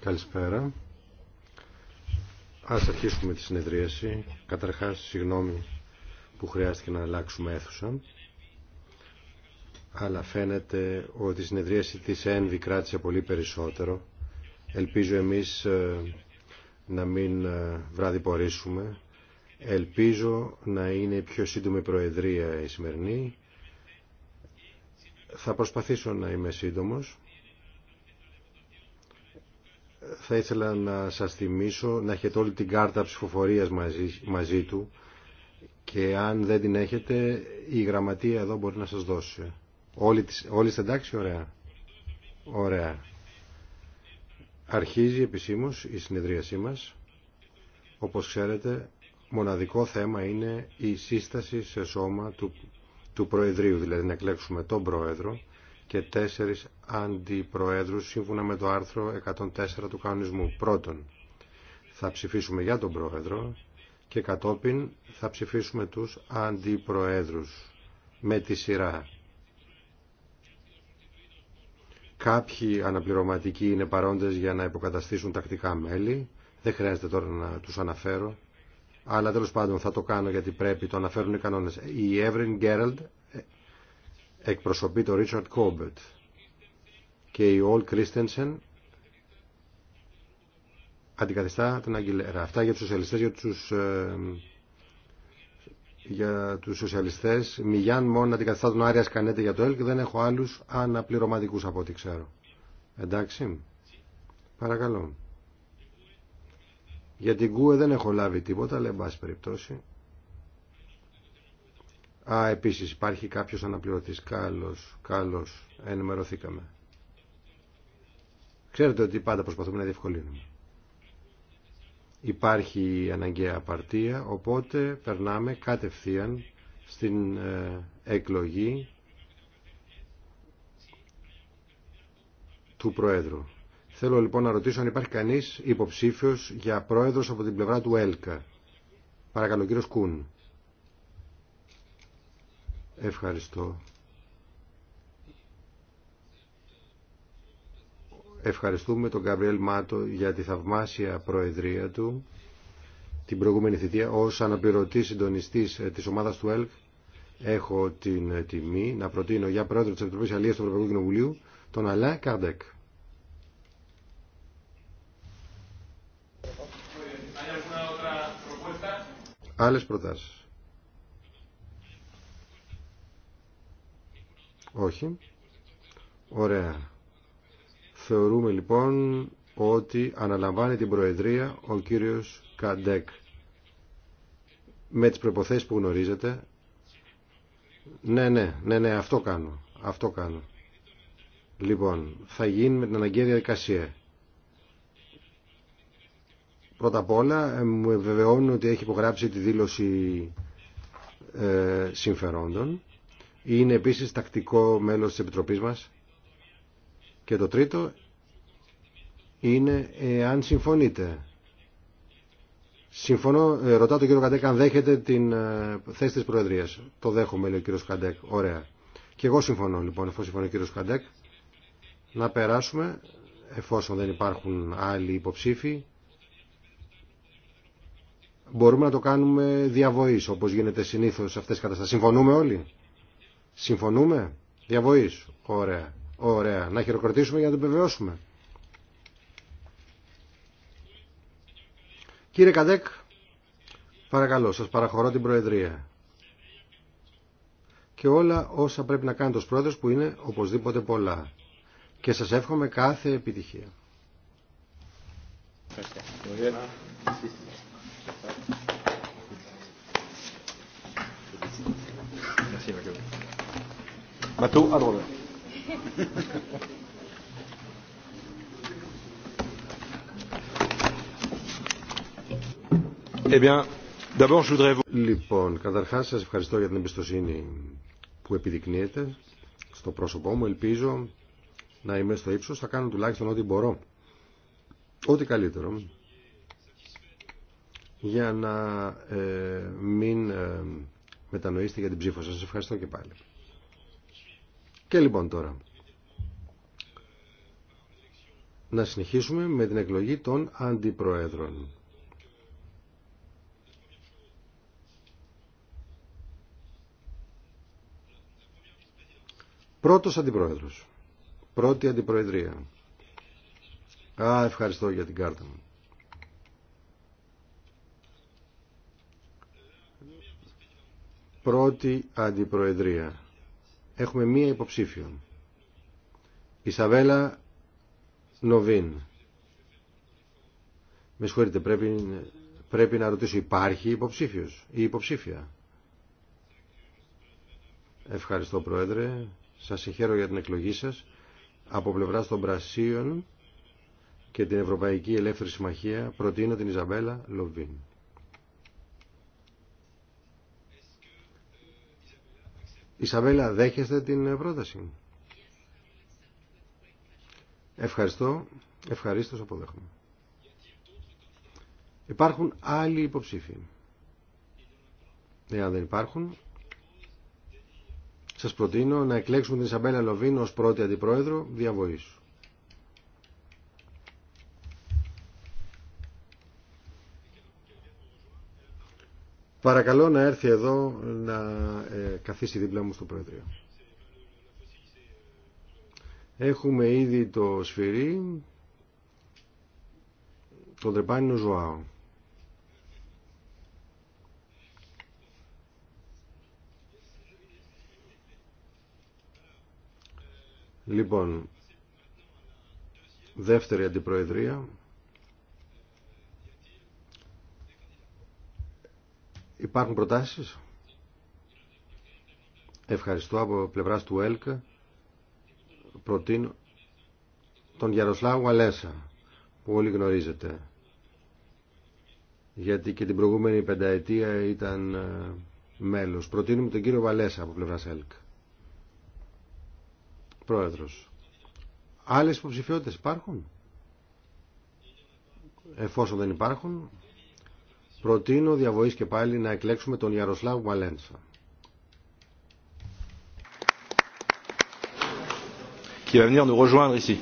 Καλησπέρα. Ας αρχίσουμε τη συνεδρίαση. Καταρχάς, συγγνώμη που χρειάστηκε να αλλάξουμε αίθουσα. Αλλά φαίνεται ότι η συνεδρίαση της ΕΝΒΙ κράτησε πολύ περισσότερο. Ελπίζω εμείς ε, να μην ε, βραδιπορήσουμε. Ελπίζω να είναι πιο σύντομη προεδρία η σημερινή θα προσπαθήσω να είμαι σύντομος. Θα ήθελα να σας θυμίσω να έχετε όλη την κάρτα ψηφοφορίας μαζί, μαζί του και αν δεν την έχετε η γραμματεία εδώ μπορεί να σας δώσει. Όλοι, όλοι είστε εντάξει, ωραία. Ωραία. Αρχίζει επισήμως η συνεδρίασή μας. Όπως ξέρετε, μοναδικό θέμα είναι η σύσταση σε σώμα του του Προεδρείου, δηλαδή να εκλέξουμε τον Πρόεδρο και τέσσερις αντιπροέδρους σύμφωνα με το άρθρο 104 του κανονισμού. Πρώτον, θα ψηφίσουμε για τον Πρόεδρο και κατόπιν θα ψηφίσουμε τους αντιπροέδρους με τη σειρά. Κάποιοι αναπληρωματικοί είναι παρόντες για να υποκαταστήσουν τακτικά μέλη. Δεν χρειάζεται τώρα να τους αναφέρω. Αλλά τέλος πάντων θα το κάνω γιατί πρέπει, το αναφέρουν οι κανόνες. Η Γκέραλντ εκπροσωπεί το Richard Κόμπετ και η Όλ Κρίστενσεν αντικαθιστά την Αγγιλέρα. Αυτά για τους σοσιαλιστές, για τους, ε, για τους σοσιαλιστές. Μιγιάν μόνο αντικαθιστά τον Άρια Σκανέτη για το ΕΛΚ. Δεν έχω άλλους αναπληρωματικούς από ό,τι ξέρω. Εντάξει. Παρακαλώ. Για την ΚΟΥΕ δεν έχω λάβει τίποτα, αλλά εν πάση περιπτώσει. Α, επίσης υπάρχει κάποιος αναπληρωτής. Καλώς, καλώς, ενημερωθήκαμε. Ξέρετε ότι πάντα προσπαθούμε να διευκολύνουμε. Υπάρχει η αναγκαία απαρτία, οπότε περνάμε κατευθείαν στην ε, εκλογή του Προέδρου. Θέλω λοιπόν να ρωτήσω αν υπάρχει κανείς υποψήφιος για Πρόεδρος από την πλευρά του ΕΛΚΑ. Παρακαλώ κύριος Κούν. Ευχαριστώ. Ευχαριστούμε τον Καμπριέλ Μάτο για τη θαυμάσια προεδρία του την προηγούμενη θητεία ως αναπληρωτή συντονιστής ε, της ομάδας του ΕΛΚ έχω την ε, τιμή να προτείνω για πρόεδρο της Επιτροπής Αλίας του Ευρωπαϊκού Κοινοβουλίου τον Αλέ Κάρντεκ. Άλλες προτάσεις. Όχι. Ωραία. Θεωρούμε λοιπόν ότι αναλαμβάνει την Προεδρία ο κύριος Καντέκ. Με τις προϋποθέσεις που γνωρίζετε. Ναι, ναι, ναι, ναι, αυτό κάνω. Αυτό κάνω. Λοιπόν, θα γίνει με την αναγκαία διαδικασία. Πρώτα απ' όλα ε, μου βεβαιώνουν ότι έχει υπογράψει τη δήλωση ε, συμφερόντων είναι επίσης τακτικό μέλος της Επιτροπής μας. Και το τρίτο είναι ε, αν συμφωνείτε. Συμφωνώ, ε, ρωτάω τον κύριο Καντέκ αν δέχεται την ε, θέση της Προεδρίας. Το δέχομαι, λέει ο κύριος Καντέκ. Ωραία. Και εγώ συμφωνώ, λοιπόν, εφόσον συμφωνεί ο κύριος Καντέκ, να περάσουμε, εφόσον δεν υπάρχουν άλλοι υποψήφοι, μπορούμε να το κάνουμε διαβοής, όπως γίνεται συνήθως σε αυτές τις καταστάσεις. Συμφωνούμε όλοι. Συμφωνούμε. Διαβοή. Ωραία. Ωραία. Να χειροκροτήσουμε για να το επιβεβαιώσουμε. Κύριε Καντέκ, παρακαλώ, σας παραχωρώ την Προεδρία. Και όλα όσα πρέπει να κάνετε ως πρόεδρος που είναι οπωσδήποτε πολλά. Και σας εύχομαι κάθε επιτυχία. Ε, λοιπόν, καταρχάς σας ευχαριστώ για την εμπιστοσύνη που επιδεικνύεται στο πρόσωπό μου. Ελπίζω να είμαι στο ύψος. Θα κάνω τουλάχιστον ό,τι μπορώ. Ό,τι καλύτερο. Για να ε, μην ε, για την ψήφο σας. Σας ευχαριστώ και πάλι. Και λοιπόν τώρα, να συνεχίσουμε με την εκλογή των αντιπροέδρων. Πρώτος αντιπρόεδρος. Πρώτη αντιπροεδρία. Α, ευχαριστώ για την κάρτα μου. Πρώτη αντιπροεδρία έχουμε μία υποψήφιον. Ισαβέλα Νοβίν. Με συγχωρείτε, πρέπει, πρέπει να ρωτήσω, υπάρχει υποψήφιος ή υποψήφια. Ευχαριστώ Πρόεδρε, σας συγχαίρω για την εκλογή σας. Από πλευρά των Πρασίων και την Ευρωπαϊκή Ελεύθερη Συμμαχία προτείνω την Ιζαμπέλα Λοβίν. Ισαβέλα, δέχεστε την ε, πρόταση Ευχαριστώ, Ευχαριστώ. Ευχαρίστως αποδέχομαι. Υπάρχουν άλλοι υποψήφοι. Εάν δεν υπάρχουν, σας προτείνω να εκλέξουμε την Ισαμπέλα Λοβίν ως πρώτη αντιπρόεδρο διαβοήσου. Παρακαλώ να έρθει εδώ να ε, καθίσει δίπλα μου στο προεδρείο. Έχουμε ήδη το σφυρί, τον τρεπάνινο ζωάο. Λοιπόν, δεύτερη αντιπροεδρία. Υπάρχουν προτάσεις. Ευχαριστώ από πλευράς του ΕΛΚΑ. Προτείνω τον Γιαροσλάβου Αλέσα που όλοι γνωρίζετε γιατί και την προηγούμενη πενταετία ήταν ε, μέλος. Προτείνουμε τον κύριο Βαλέσα από πλευράς ΕΛΚ. Πρόεδρος. Άλλες υποψηφιότητες υπάρχουν? Εφόσον δεν υπάρχουν, προτείνω διαβοής και πάλι να εκλέξουμε τον Ιαροσλάβ Μαλέντσα. Qui va venir nous rejoindre ici.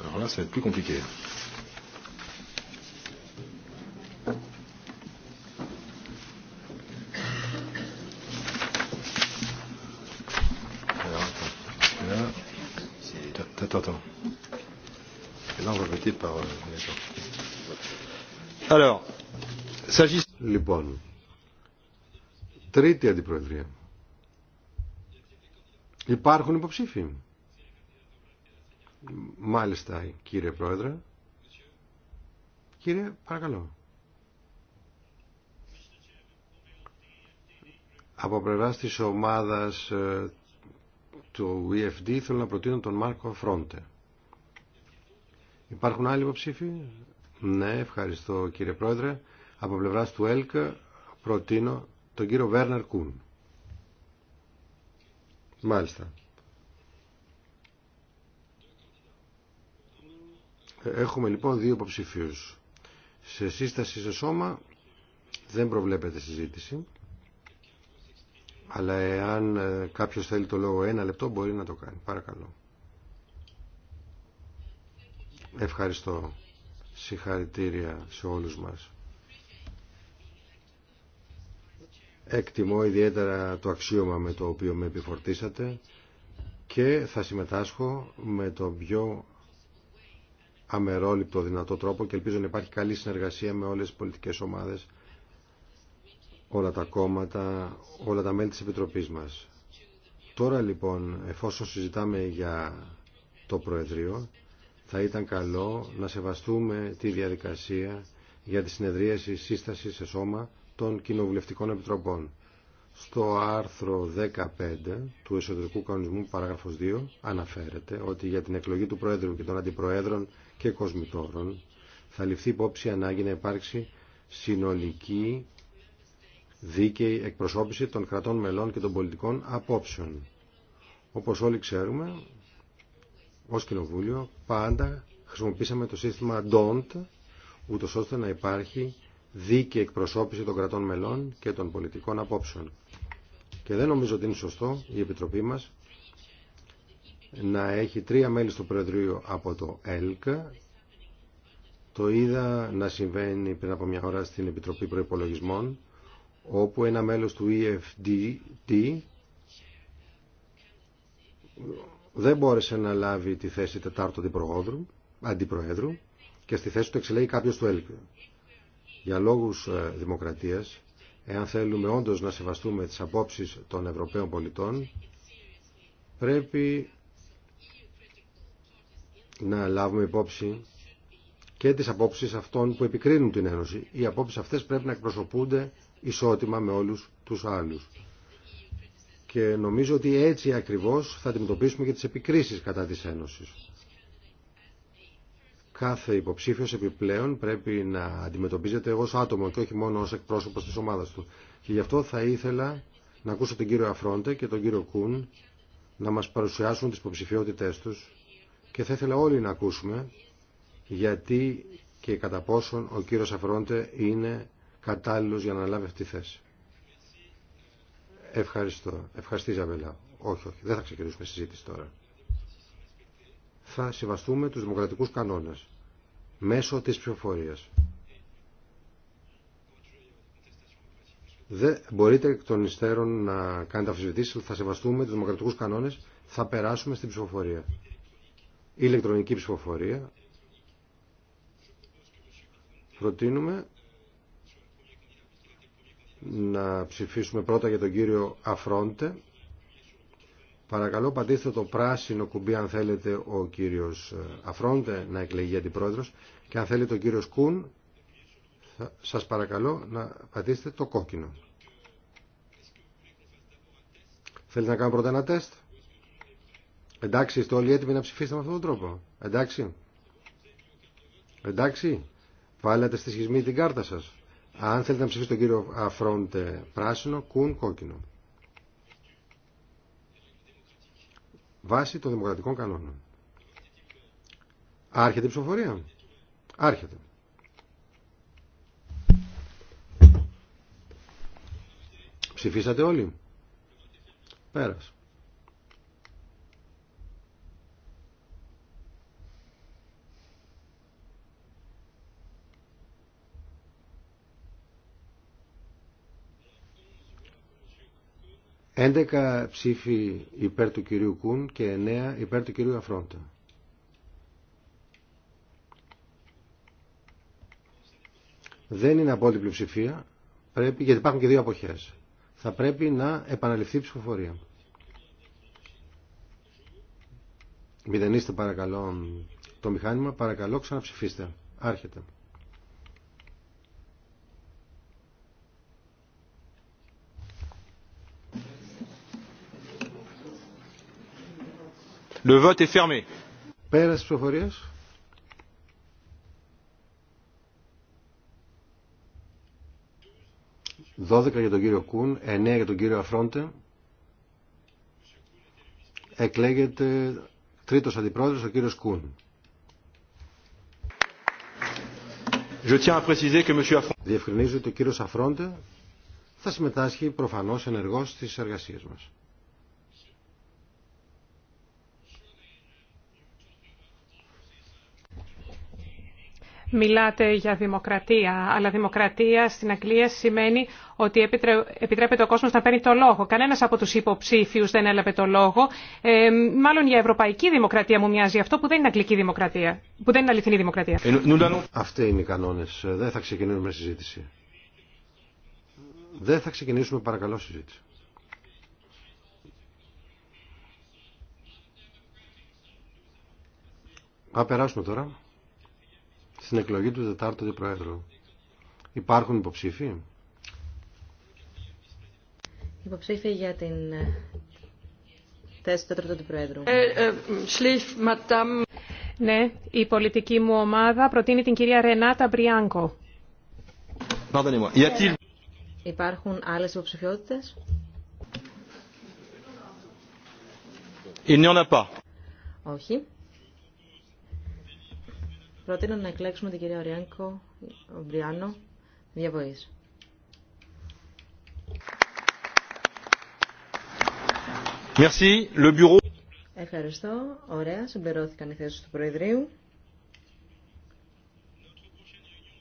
Alors là, ça va être plus compliqué. Là, attends, attends. Et là, on va voter par. Euh, λοιπόν, τρίτη αντιπροεδρία. Υπάρχουν υποψήφοι. Μάλιστα, κύριε Πρόεδρε. Κύριε, παρακαλώ. Από πλευρά τη ομάδα ε, του EFD θέλω να προτείνω τον Μάρκο Φρόντε. Υπάρχουν άλλοι υποψήφοι. Ναι, ευχαριστώ κύριε Πρόεδρε. Από πλευράς του ΕΛΚ προτείνω τον κύριο Βέρναρ Κούν. Μάλιστα. Έχουμε λοιπόν δύο υποψηφίους. Σε σύσταση σε σώμα δεν προβλέπεται συζήτηση, αλλά εάν ε, κάποιος θέλει το λόγο ένα λεπτό μπορεί να το κάνει. Παρακαλώ. Ευχαριστώ συγχαρητήρια σε όλους μας. Εκτιμώ ιδιαίτερα το αξίωμα με το οποίο με επιφορτήσατε και θα συμμετάσχω με το πιο αμερόληπτο δυνατό τρόπο και ελπίζω να υπάρχει καλή συνεργασία με όλες τις πολιτικές ομάδες, όλα τα κόμματα, όλα τα μέλη της Επιτροπής μας. Τώρα λοιπόν, εφόσον συζητάμε για το Προεδρείο, θα ήταν καλό να σεβαστούμε τη διαδικασία για τη συνεδρίαση σύσταση σε σώμα των κοινοβουλευτικών επιτροπών. Στο άρθρο 15 του εσωτερικού κανονισμού παράγραφος 2 αναφέρεται ότι για την εκλογή του Προέδρου και των Αντιπροέδρων και Κοσμητόρων θα ληφθεί υπόψη ανάγκη να υπάρξει συνολική δίκαιη εκπροσώπηση των κρατών μελών και των πολιτικών απόψεων. Όπως όλοι ξέρουμε, ως κοινοβούλιο πάντα χρησιμοποίησαμε το σύστημα DONT, ούτως ώστε να υπάρχει δίκαιη εκπροσώπηση των κρατών μελών και των πολιτικών απόψεων. Και δεν νομίζω ότι είναι σωστό η Επιτροπή μας να έχει τρία μέλη στο Προεδρείο από το ΕΛΚΑ. Το είδα να συμβαίνει πριν από μια ώρα στην Επιτροπή Προϋπολογισμών, όπου ένα μέλος του EFDT δεν μπόρεσε να λάβει τη θέση τετάρτου αντιπροέδρου, αντιπροέδρου και στη θέση του εξελέγει κάποιο του έλπιου. Για λόγους ε, δημοκρατίας, εάν θέλουμε όντως να σεβαστούμε τις απόψεις των Ευρωπαίων πολιτών, πρέπει να λάβουμε υπόψη και τις απόψεις αυτών που επικρίνουν την Ένωση. Οι απόψεις αυτές πρέπει να εκπροσωπούνται ισότιμα με όλους τους άλλους και νομίζω ότι έτσι ακριβώς θα αντιμετωπίσουμε και τις επικρίσεις κατά της Ένωσης. Κάθε υποψήφιος επιπλέον πρέπει να αντιμετωπίζεται ως άτομο και όχι μόνο ως εκπρόσωπος της ομάδας του. Και γι' αυτό θα ήθελα να ακούσω τον κύριο Αφρόντε και τον κύριο Κούν να μας παρουσιάσουν τις υποψηφιότητές τους και θα ήθελα όλοι να ακούσουμε γιατί και κατά πόσον ο κύριος Αφρόντε είναι κατάλληλος για να λάβει αυτή τη θέση. Ευχαριστώ. Ευχαριστή Ζαβέλα. Όχι, όχι. Δεν θα ξεκινήσουμε συζήτηση τώρα. Θα συμβαστούμε τους δημοκρατικούς κανόνες μέσω της ψηφοφορίας. Δεν μπορείτε εκ των υστέρων να κάνετε αφισβητήσεις, θα σεβαστούμε τους δημοκρατικούς κανόνες, θα περάσουμε στην ψηφοφορία. Η ηλεκτρονική ψηφοφορία προτείνουμε να ψηφίσουμε πρώτα για τον κύριο Αφρόντε. Παρακαλώ πατήστε το πράσινο κουμπί αν θέλετε ο κύριος ε, Αφρόντε να εκλεγεί αντιπρόεδρος και αν θέλετε ο κύριο Κούν σας παρακαλώ να πατήσετε το κόκκινο. Θέλετε να κάνουμε πρώτα ένα τεστ. Εντάξει, είστε όλοι έτοιμοι να ψηφίσετε με αυτόν τον τρόπο. Εντάξει. Εντάξει. Βάλετε στη σχισμή την κάρτα σας. Αν θέλετε να ψηφίσετε τον κύριο Αφρόντε πράσινο, κουν κόκκινο. Βάσει των δημοκρατικών κανόνων. Άρχεται η ψηφοφορία. Άρχεται. Ψηφίσατε όλοι. Πέρας. 11 ψήφοι υπέρ του κυρίου Κούν και 9 υπέρ του κυρίου Αφρόντα. Δεν είναι απόλυτη πλειοψηφία, πρέπει, γιατί υπάρχουν και δύο αποχές. Θα πρέπει να επαναληφθεί η ψηφοφορία. Μηδενίστε παρακαλώ το μηχάνημα, παρακαλώ ξαναψηφίστε. Άρχεται. Le vote est fermé. Πέρας Δώδεκα για τον κύριο Κούν, εννέα για τον κύριο Αφρόντε. Εκλέγεται τρίτος αντιπρόεδρος ο κύριος Κούν. Je Διευκρινίζω ότι ο κύριος Αφρόντε θα συμμετάσχει προφανώς ενεργώς στις εργασίες μας. μιλάτε για δημοκρατία, αλλά δημοκρατία στην Αγγλία σημαίνει ότι επιτρέπεται ο κόσμος να παίρνει το λόγο. Κανένας από τους υποψήφιους δεν έλαβε το λόγο. Ε, μάλλον για ευρωπαϊκή δημοκρατία μου μοιάζει αυτό που δεν είναι αγγλική δημοκρατία, που δεν είναι αληθινή δημοκρατία. Ε, Αυτοί είναι οι κανόνες. Ε, δεν θα ξεκινήσουμε συζήτηση. Δεν θα ξεκινήσουμε παρακαλώ συζήτηση. Α, περάσουμε τώρα στην εκλογή του Δετάρτου Αντιπροέδρου. Υπάρχουν υποψήφοι. Υποψήφοι για την ε, θέση του Τετάρτου του Προέδρου. Ε, ε, ναι, η πολιτική μου ομάδα προτείνει την κυρία Ρενάτα Μπριάνκο. Υπάρχουν άλλες υποψηφιότητες. Όχι προτείνω να εκλέξουμε την κυρία Οριάνκο Βριάνο διαβοής. Merci. Le bureau... Ευχαριστώ. Ωραία. Συμπληρώθηκαν οι θέσει του Προεδρείου.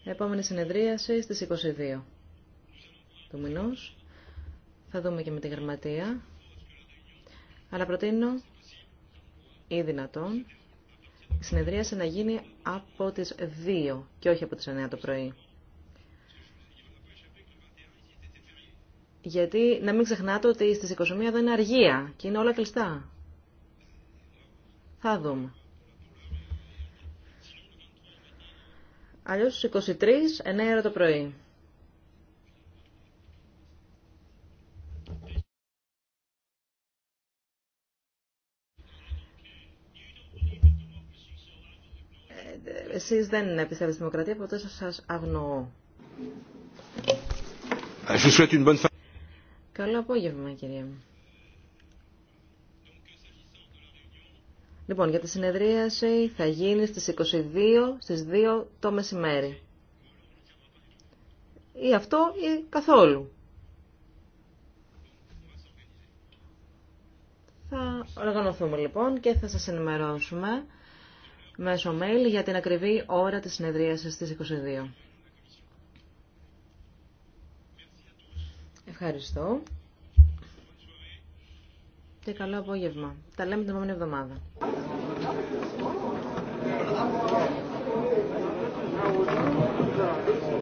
Επόμενη συνεδρίαση στις 22 του μηνός. Θα δούμε και με τη γραμματεία. Αλλά προτείνω ή δυνατόν συνεδρίαση να γίνει από τις 2 και όχι από τις 9 το πρωί. Γιατί να μην ξεχνάτε ότι στις 21 δεν είναι αργία και είναι όλα κλειστά. Θα δούμε. Αλλιώς στις 23, 9 το πρωί. εσείς δεν πιστεύετε στη δημοκρατία, ποτέ σας αγνοώ. Ε, Καλό απόγευμα, κυρία μου. Λοιπόν, για τη συνεδρίαση θα γίνει στις 22, στις 2 το μεσημέρι. Ή αυτό ή καθόλου. Θα οργανωθούμε λοιπόν και θα σας ενημερώσουμε μέσω mail για την ακριβή ώρα της συνεδρίασης στις 22. Ευχαριστώ. Και καλό απόγευμα. Τα λέμε την επόμενη εβδομάδα.